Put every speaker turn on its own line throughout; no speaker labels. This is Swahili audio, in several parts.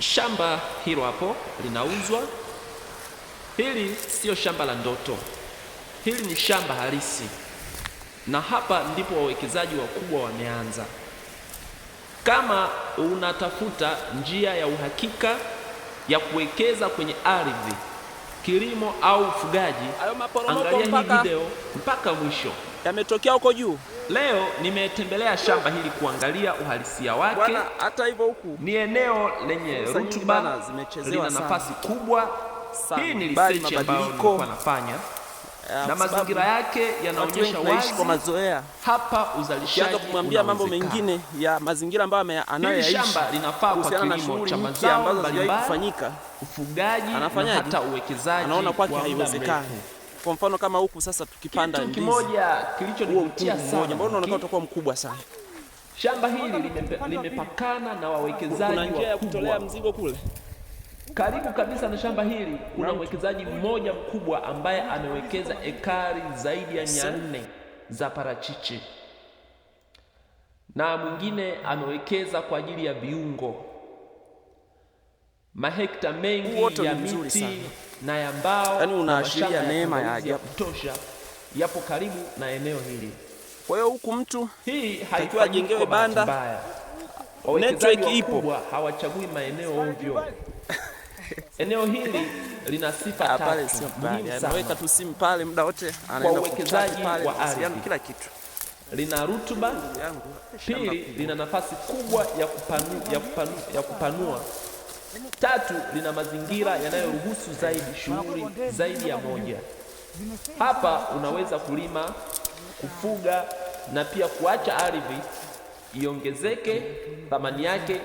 Shamba hilo hapo linauzwa. Hili siyo shamba la ndoto, hili ni shamba halisi, na hapa ndipo wawekezaji wakubwa wameanza. Kama unatafuta njia ya uhakika ya kuwekeza kwenye ardhi, kilimo au ufugaji, angalia hii video mpaka mwisho.
Yametokea huko juu.
Leo nimetembelea shamba hili kuangalia uhalisia wake
Bwana. Hata hivyo huku
ni eneo lenye rutuba, lina nafasi kubwa. Hii ni research ambayo nilikuwa nafanya eh, na mazingira yake yanaonyesha wazi kwa mazoea hapa uzalishaji kumwambia mambo mengine
ya mazingira ambayo anayoyaishi. Shamba linafaa
kwa kilimo cha mazao ambazo hazijawahi kufanyika, ufugaji na hata uwekezaji.
Anaona kwake haiwezekani. Kwa mfano kama huku sasa tukipanda ndizi kimoja
kilichonivutia sana, mbona
unaonekana utakuwa mkubwa sana.
Shamba hili limepakana na wawekezaji wakubwa. Kuna njia ya
kutolea mzigo kule
karibu kabisa na shamba hili. Kuna mwekezaji mmoja mkubwa ambaye amewekeza ekari zaidi ya mia nne za parachichi na mwingine amewekeza kwa ajili ya viungo, mahekta mengi ya miti na ya mbao, yani unaashiria neema ya ajabu tosha yapo karibu na eneo hili.
Kwa hiyo huku mtu
hii haikuwa jengewe banda, network ipo, hawachagui maeneo ovyo. Eneo hili lina sifa ah, tatu,
yaani anaweka tu simu pale muda wote, anaenda uwekezaji wa ardhi, kila kitu
lina rutuba. Pili, lina nafasi kubwa ya kupanua, ya ya kupanua Tatu, lina mazingira yanayoruhusu zaidi shughuli zaidi ya moja. Hapa unaweza kulima, kufuga na pia kuacha ardhi iongezeke thamani yake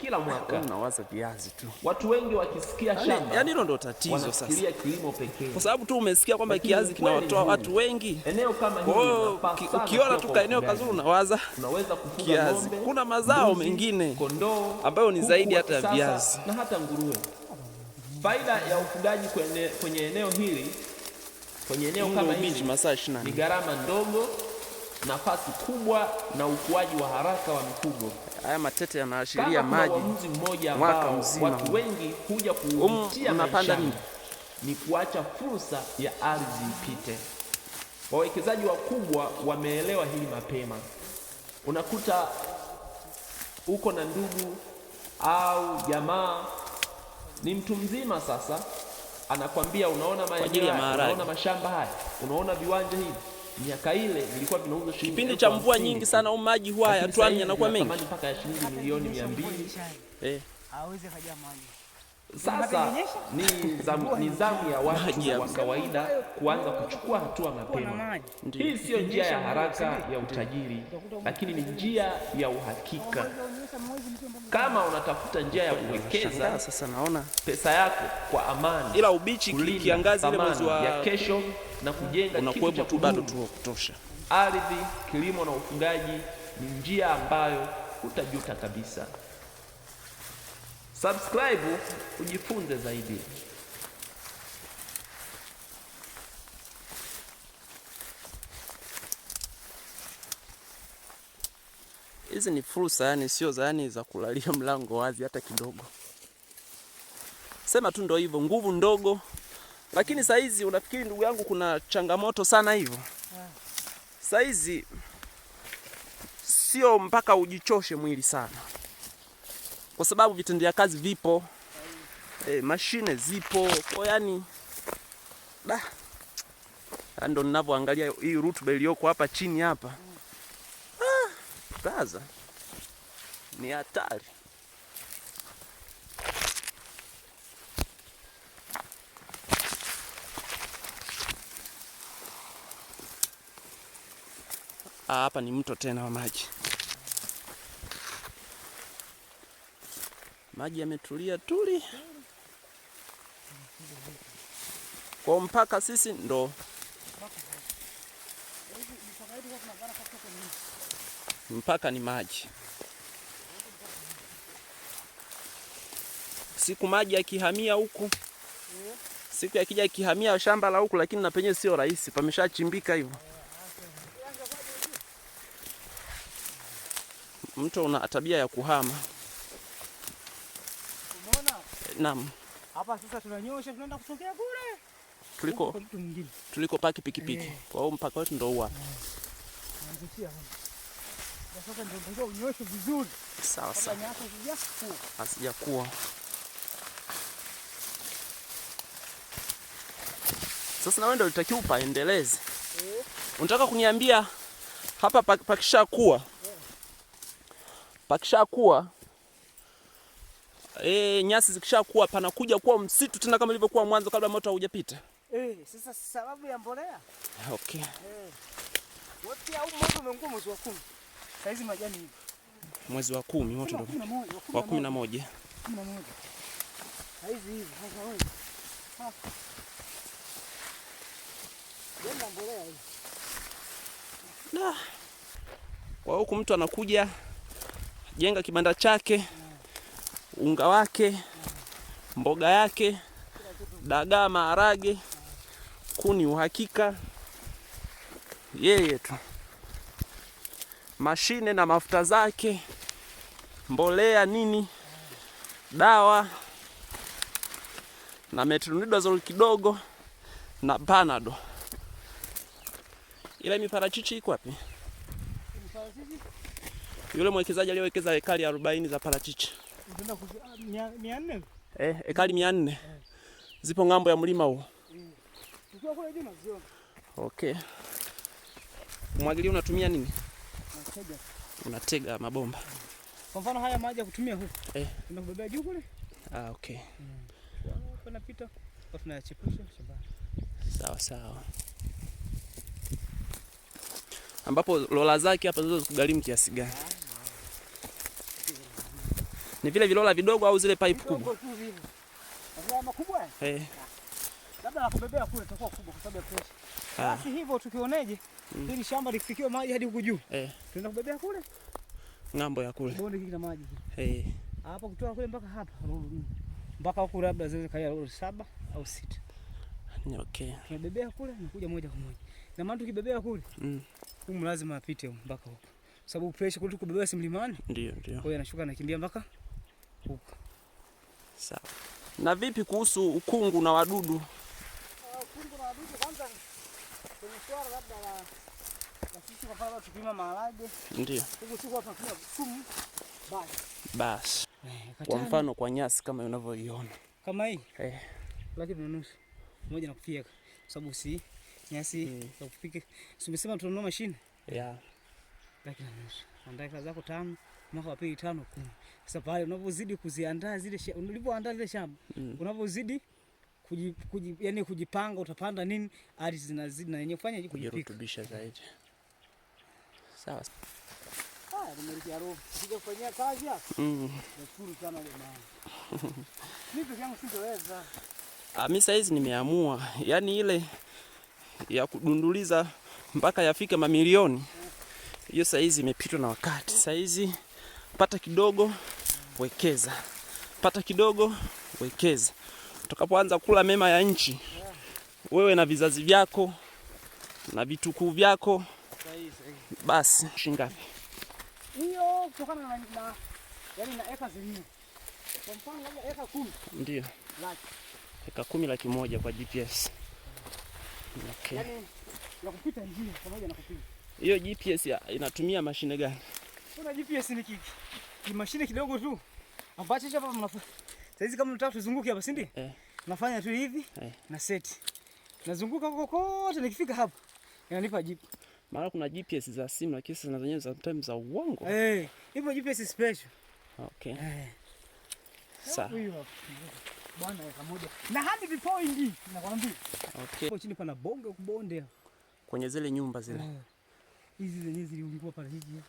kila yaani mwaka
unawaza viazi tu.
Watu wengi wakisikia yaani- shamba,
yani hilo ndio tatizo sasa,
kilimo pekee,
kwa sababu tu umesikia kwamba kiazi kinawatoa watu wengi.
Eneo kama hili,
ukiona tu ka eneo kazuri, unawaza
unaweza kufuga kiazi.
Kuna mazao mengine ambayo ni zaidi hata ya viazi
na hata nguruwe. Faida ya ufugaji kwenye, kwenye eneo hili, kwenye eneo kama hili ni gharama ndogo nafasi kubwa na ukuaji wa haraka wa mifugo.
Haya matete yanaashiria maji
mmoja mwaka mzima. Watu wengi huja um, kuupitia nini? ni kuacha fursa ya ardhi ipite. Wawekezaji wakubwa wameelewa hili mapema. Unakuta uko na ndugu au jamaa ni mtu mzima sasa, anakwambia unaona maeneo, unaona mashamba haya, unaona viwanja hivi miaka ile ilikuwa tunauza shilingi
kipindi cha mvua nyingi sana, au maji huwa hayatwami yanakuwa mengi
mpaka ya shilingi milioni 200 eh, hawezi kaja mali sasa ni zamu, ni zamu ya watu wa kawaida kuanza kuchukua hatua mapema. Hii siyo njia ya haraka ya utajiri, lakini ni njia ya uhakika. Kama unatafuta njia ya kuwekeza
sasa, naona
pesa yako kwa amani,
ila ubichi kiangazi ile mwezi wa
kesho, na kujenga kitu tu bado tu kutosha. Ardhi, kilimo na ufugaji ni njia ambayo hutajuta kabisa. Subscribe ujifunze zaidi.
Hizi ni fursa, yani sio zaani za kulalia mlango wazi hata kidogo. Sema tu ndo hivyo, nguvu ndogo. Lakini saizi unafikiri ndugu yangu, kuna changamoto sana hivyo saizi, sio mpaka ujichoshe mwili sana kwa sababu vitendea kazi vipo e, mashine zipo kwa yani da ndo ninavyoangalia hii rutuba iliyoko hapa chini hapa kaza, ah, ni hatari. Ah, hapa ni mto tena wa maji. maji yametulia tuli kwa mpaka sisi ndo mpaka ni maji. Siku maji yakihamia huku, siku yakija akihamia shamba la huku, lakini na penyewe sio rahisi, pameshachimbika hivyo. Mto una tabia ya kuhama. Naam. Hapa sasa tunanyosha tunaenda kutokea kule. Tuliko tuliko paki pikipiki. Hey. Eh. Kwa hiyo mpaka wetu ndio huwa. Eh. Sasa ndio ndio unyoshe vizuri. Sawa sawa. Asijakuwa. Sasa nawe ndio unatakiwa upaendeleze. Eh. Unataka kuniambia hapa pakisha kuwa. Eh. Pakisha kuwa e, nyasi zikishakuwa panakuja kuwa msitu tena kama ilivyokuwa mwanzo kabla moto haujapita.
Eh, sasa sababu ya mbolea? Okay. Eh. au moto mwezi wa kumi. Saizi majani hivi.
Mwezi wa kumi moto ndio. Wa kumi na moja. Saizi hivi sasa wewe. Na. Kwa huku mtu anakuja jenga kibanda chake unga wake, mboga yake, dagaa, maharage, kuni, uhakika yeye tu, mashine na mafuta zake, mbolea, nini, dawa na metronidazole kidogo na panado. Ile miparachichi iko wapi? Yule mwekezaji aliyowekeza ekari 40 za parachichi
Ah,
eh, ekari mia nne zipo ng'ambo ya mlima huo. Okay. Umwagilia unatumia nini? Unatega. Unatega mabomba.
Kwa mfano haya maji ya kutumia huko. Eh. Tunabebea juu kule. Ah, okay. Tunapita mm. tunayachepusha shambani.
Sawa sawa. Ambapo lola zake hapa zote zikugharimu kiasi gani? Ni vile vilola vidogo au zile pipe kubwa? Eh.
Ah. Mm.
Eh. Ng'ambo ya kule.
Bonde maji. Eh. Hapo kutoka kule mpaka hapa. Mpaka labda kaya saba au sita. Ni okay. Tunabebea kule moja kwa moja. Na maana tukibebea kule. Mm. Huko lazima apite mpaka huko. Sababu pressure kule tukubebea si mlimani. Ndio, ndio. Kwa hiyo anashuka anakimbia mpaka kuku.
Sawa. Na vipi kuhusu ukungu na wadudu?
Ah, ukungu na wadudu kwanza kwenye swala labda la la sisi kwa sababu tukipima maharage. Ndio. Huko siku hapa kuna sumu. Bas.
Bas. Eh, kwa mfano kwa nyasi kama unavyoiona. Kama hii? Eh.
Lakini nusu. Moja na kufia kwa sababu si nyasi hmm, kupika. Sumesema tunanunua mashine? Yeah. Lakini nusu. Andaa kazi zako tano mwaka wa pili tano kumi. Sasa pale unapozidi kuziandaa zile ulipoandaa zile shamba mm. unapozidi kuji, kuji, yani kujipanga utapanda nini, ardhi zinazidi na yenyewe kufanya kujirutubisha
zaidi. Sawa.
Mi nimelikia
saizi nimeamua. yani ile ya kudunduliza mpaka yafike mamilioni hiyo saizi imepitwa na wakati. Saizi pata kidogo, wekeza, pata kidogo, wekeza. Utakapoanza kula mema ya nchi, wewe na vizazi vyako na vitukuu vyako, basi shingapi
hiyo kutokana na na yani na eka zingine. Kwa mfano labda eka 10.
Ndio. Eka 10 laki moja kwa GPS. Okay.
Yani, ya kupita njia pamoja na kupita.
Hiyo GPS ya, inatumia mashine gani?
Kuna GPS ni kiki. Ni mashine kidogo tu. Ambacho hapa mnafanya. Saizi kama mtaka tuzunguke hapa, si ndio? Eh. Nafanya tu hivi eh, na seti. Nazunguka huko kote nikifika hapa. Inanipa jipu.
Maana kuna GPS za simu lakini sasa zenyewe za time za uongo.
Eh, hivyo GPS special.
Okay. Eh. Sasa.
Bwana weka moja. Na hadi before ingi, nakwambia. Okay. Hapo chini pana bonge kubonde.
Kwenye zile nyumba zile. Eh.
Hizi zenyewe ziliungua pale hizi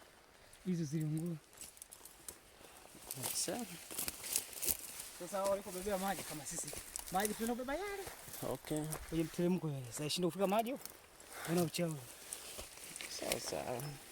hizo ziliungua. Sasa walikobebea maji kama sisi maji tunabeba yale. Okay. Kwenye mteremko yale. Sasa ishinda kufika maji. Una uchawi.
Sawa sawa.